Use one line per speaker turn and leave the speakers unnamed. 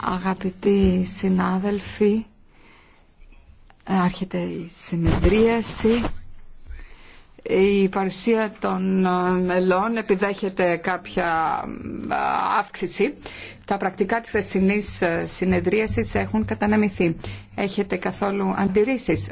Αγαπητοί συνάδελφοι, άρχεται η συνεδρίαση. Η παρουσία των μελών επιδέχεται κάποια αύξηση. Τα πρακτικά της χθεσινής συνεδρίασης έχουν κατανεμηθεί. Έχετε καθόλου αντιρρήσεις.